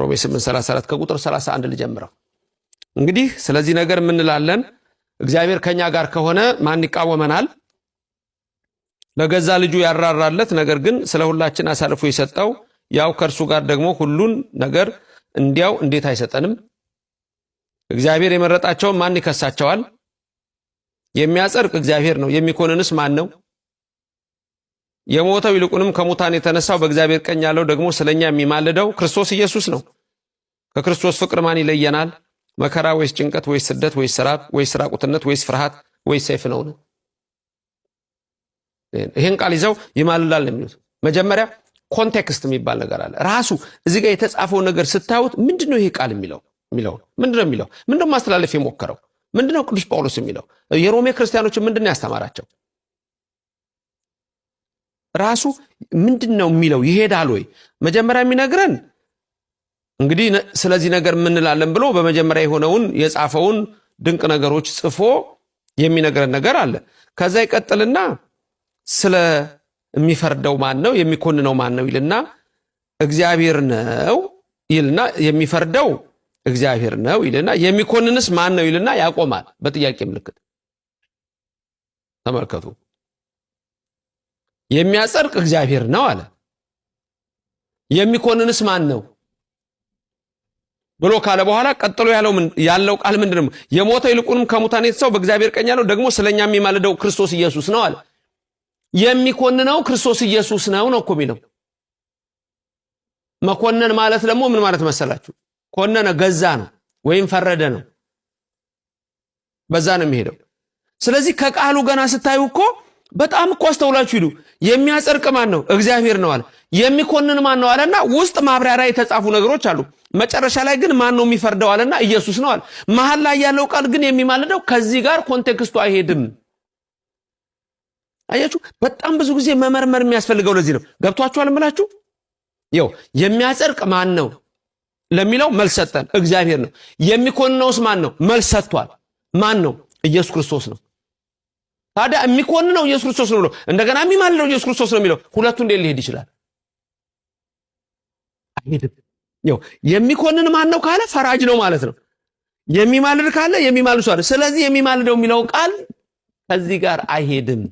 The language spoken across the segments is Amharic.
ሮሜ 8፥34 ከቁጥር 31 ልጀምረው። እንግዲህ ስለዚህ ነገር ምንላለን? እግዚአብሔር ከኛ ጋር ከሆነ ማን ይቃወመናል? ለገዛ ልጁ ያራራለት ነገር ግን ስለ ሁላችን አሳልፎ የሰጠው ያው ከእርሱ ጋር ደግሞ ሁሉን ነገር እንዲያው እንዴት አይሰጠንም? እግዚአብሔር የመረጣቸውን ማን ይከሳቸዋል? የሚያጸድቅ እግዚአብሔር ነው። የሚኮንንስ ማን ነው? የሞተው ይልቁንም ከሙታን የተነሳው በእግዚአብሔር ቀኝ ያለው ደግሞ ስለኛ የሚማልደው ክርስቶስ ኢየሱስ ነው። ከክርስቶስ ፍቅር ማን ይለየናል? መከራ ወይስ ጭንቀት ወይስ ስደት ወይስ ስራብ ወይስ ራቁትነት ወይስ ፍርሃት ወይስ ሰይፍ ነው? ይህን ቃል ይዘው ይማልላል ነው የሚሉት። መጀመሪያ ኮንቴክስት የሚባል ነገር አለ። ራሱ እዚህ ጋር የተጻፈው ነገር ስታዩት ምንድነው ይሄ ቃል የሚለው የሚለው ምንድነው የሚለው ምንድነው ማስተላለፍ የሞከረው ምንድነው ቅዱስ ጳውሎስ የሚለው የሮሜ ክርስቲያኖችን ምንድነው ያስተማራቸው ራሱ ምንድን ነው የሚለው? ይሄዳል ወይ? መጀመሪያ የሚነግረን እንግዲህ ስለዚህ ነገር የምንላለን ብሎ በመጀመሪያ የሆነውን የጻፈውን ድንቅ ነገሮች ጽፎ የሚነግረን ነገር አለ። ከዛ ይቀጥልና ስለሚፈርደው ማን ነው የሚኮንነው ማን ነው ይልና እግዚአብሔር ነው ይልና የሚፈርደው እግዚአብሔር ነው ይልና የሚኮንንስ ማን ነው ይልና ያቆማል በጥያቄ ምልክት። ተመልከቱ። የሚያጸድቅ እግዚአብሔር ነው አለ። የሚኮንንስ ማን ነው ብሎ ካለ በኋላ ቀጥሎ ያለው ቃል ምንድን ነው? የሞተው ይልቁንም ከሙታን የተሰው በእግዚአብሔር ቀኝ ያለው ደግሞ ስለኛ የሚማልደው ክርስቶስ ኢየሱስ ነው አለ። የሚኮንነው ክርስቶስ ኢየሱስ ነው ነው እኮ የሚለው። መኮነን ማለት ደግሞ ምን ማለት መሰላችሁ? ኮነነ ገዛ ነው ወይም ፈረደ ነው። በዛ ነው የሚሄደው። ስለዚህ ከቃሉ ገና ስታዩ እኮ በጣም እኮ አስተውላችሁ ሂዱ። የሚያጸድቅ ማን ነው? እግዚአብሔር ነው አለ። የሚኮንን ማን ነው አለና ውስጥ ማብራሪያ የተጻፉ ነገሮች አሉ። መጨረሻ ላይ ግን ማን ነው የሚፈርደው አለና ኢየሱስ ነው አለ። መሀል ላይ ያለው ቃል ግን የሚማልደው ከዚህ ጋር ኮንቴክስቱ አይሄድም። አያችሁ፣ በጣም ብዙ ጊዜ መመርመር የሚያስፈልገው ለዚህ ነው። ገብቷችኋል እምላችሁ። ው የሚያጸድቅ ማን ነው ለሚለው መልስ ሰጠን፣ እግዚአብሔር ነው። የሚኮንነውስ ማን ነው? መልስ ሰጥቷል። ማን ነው? ኢየሱስ ክርስቶስ ነው። ታዲያ የሚኮንነው ኢየሱስ ክርስቶስ ነው ብሎ እንደገና የሚማልደው ኢየሱስ ክርስቶስ ነው የሚለው ሁለቱ እንዴት ሊሄድ ይችላል? ይኸው የሚኮንን ማን ነው ካለ ፈራጅ ነው ማለት ነው። የሚማልድ ካለ የሚማልድ ሰው። ስለዚህ የሚማልደው የሚለው ቃል ከዚህ ጋር አይሄድም።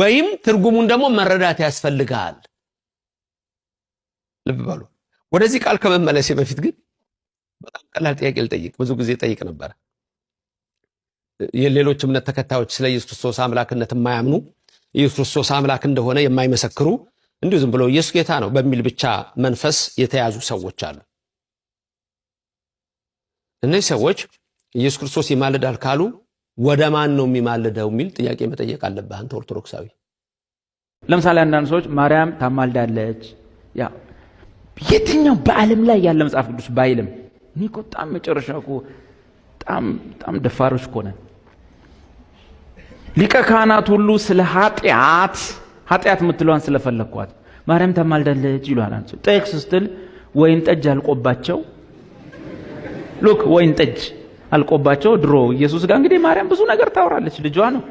ወይም ትርጉሙን ደግሞ መረዳት ያስፈልጋል። ልብ በሉ። ወደዚህ ቃል ከመመለሴ በፊት ግን በጣም ቀላል ጥያቄ ልጠይቅ። ብዙ ጊዜ ጠይቅ ነበረ። የሌሎች እምነት ተከታዮች ስለ ኢየሱስ ክርስቶስ አምላክነት የማያምኑ ኢየሱስ ክርስቶስ አምላክ እንደሆነ የማይመሰክሩ እንዲሁ ዝም ብሎ ኢየሱስ ጌታ ነው በሚል ብቻ መንፈስ የተያዙ ሰዎች አሉ። እነዚህ ሰዎች ኢየሱስ ክርስቶስ ይማልዳል ካሉ ወደ ማን ነው የሚማልደው የሚል ጥያቄ መጠየቅ አለብህ አንተ ኦርቶዶክሳዊ። ለምሳሌ አንዳንድ ሰዎች ማርያም ታማልዳለች፣ የትኛው በዓለም ላይ ያለ መጽሐፍ ቅዱስ ባይልም እኔ እኮ በጣም መጨረሻ እኮ በጣም ደፋሮች እኮ ነን። ሊቀ ካህናት ሁሉ ስለ ኃጢአት ኃጢአት የምትለዋን ስለፈለግኳት ማርያም ተማልዳለች ይሏል። አንሱ ጥቅስ ስትል ወይን ጠጅ አልቆባቸው ሉክ ወይን ጠጅ አልቆባቸው ድሮ ኢየሱስ ጋር እንግዲህ ማርያም ብዙ ነገር ታወራለች። ልጇ ነው።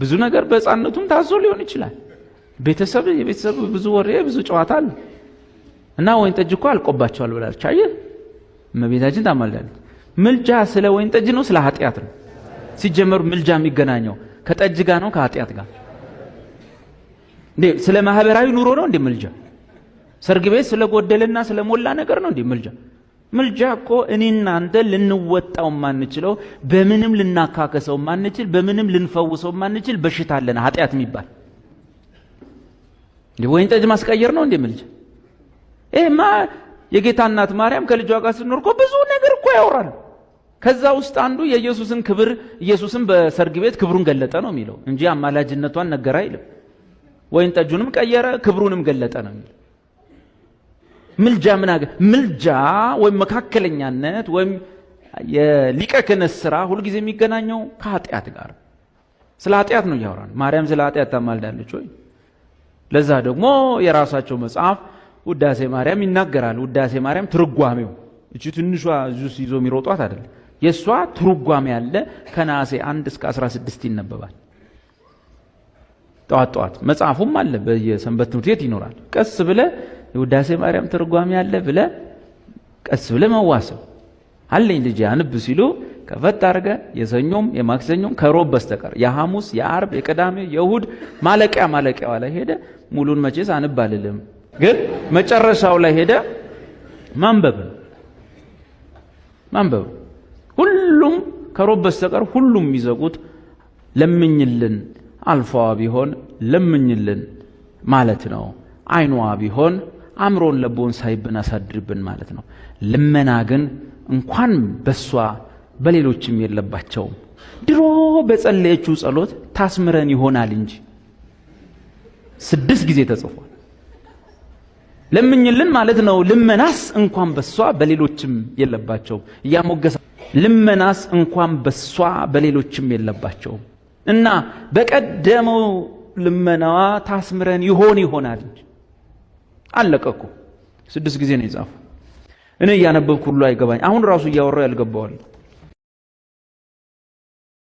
ብዙ ነገር በህፃነቱም ታዞ ሊሆን ይችላል። ቤተሰብ የቤተሰብ ብዙ ወሬ፣ ብዙ ጨዋታ አለ እና ወይን ጠጅ እኮ አልቆባቸዋል ብላለች። አየ እመቤታችን ታማልዳለች። ምልጃ ስለ ወይን ጠጅ ነው፣ ስለ ኃጢአት ነው። ሲጀመሩ ምልጃ የሚገናኘው ከጠጅ ጋር ነው ከኃጢአት ጋር እንዴ? ስለ ማህበራዊ ኑሮ ነው እንዴ ምልጃ? ሰርግ ቤት ስለ ጎደልና ስለ ሞላ ነገር ነው እንዴ ምልጃ? ምልጃ እኮ እኔና አንተ ልንወጣው ማንችለው በምንም ልናካከሰው ማንችል በምንም ልንፈውሰው ማንችል በሽታ አለን ኃጢአት የሚባል ወይን ጠጅ ማስቀየር ነው እንዴ ምልጃ? ይሄማ የጌታ እናት ማርያም ከልጇ ጋር ስትኖር እኮ ብዙ ነገር እኮ ያወራል። ከዛ ውስጥ አንዱ የኢየሱስን ክብር ኢየሱስን በሰርግ ቤት ክብሩን ገለጠ ነው የሚለው እንጂ አማላጅነቷን ነገረ አይልም። ወይን ጠጁንም ቀየረ ክብሩንም ገለጠ ነው የሚለው። ምልጃ ምን አገ ምልጃ ወይም መካከለኛነት ወይም የሊቀ ክህነት ስራ ሁልጊዜ የሚገናኘው ከኃጢአት ጋር ስለ ኃጢአት ነው እያወራን። ማርያም ስለ ኃጢአት ታማልዳለች ወይ? ለዛ ደግሞ የራሳቸው መጽሐፍ ውዳሴ ማርያም ይናገራል። ውዳሴ ማርያም ትርጓሜው እቺ ትንሿ ዙስ ይዞ የሚሮጧት አይደለም። የእሷ ትርጓሜ ያለ ከነሐሴ አንድ እስከ 16 ይነበባል። ጠዋት ጠዋት መጽሐፉም አለ በየሰንበት ትምህርት ቤት ይኖራል። ቀስ ብለ የውዳሴ ማርያም ትርጓሜ አለ ብለ ቀስ ብለ መዋሰብ አለኝ ልጅ አንብ ሲሉ ከፈት አድርገ የሰኞም የማክሰኞም ከሮብ በስተቀር የሐሙስ የአርብ የቅዳሜ የእሁድ ማለቂያ ማለቂያዋ ላይ ሄደ ሙሉን መቼስ አንብ አልልም፣ ግን መጨረሻው ላይ ሄደ ማንበብ ነው ማንበብ ሁሉም ከሮብ በስተቀር ሁሉም የሚዘጉት ለምኝልን፣ አልፏዋ ቢሆን ለምኝልን ማለት ነው። አይኗዋ ቢሆን አእምሮን ለቦን ሳይብን አሳድርብን ማለት ነው። ልመና ግን እንኳን በሷ በሌሎችም የለባቸውም። ድሮ በጸለየችው ጸሎት ታስምረን ይሆናል እንጂ ስድስት ጊዜ ተጽፏል። ለምኝልን ማለት ነው። ልመናስ እንኳን በሷ በሌሎችም የለባቸውም እያሞገሳ ልመናስ እንኳን በሷ በሌሎችም የለባቸውም እና በቀደመው ልመናዋ ታስምረን ይሆን ይሆናል እንጂ አለቀኩ። ስድስት ጊዜ ነው የጻፉ። እኔ እያነበብኩ ሁሉ አይገባኝ። አሁን ራሱ እያወራው ያልገባዋል።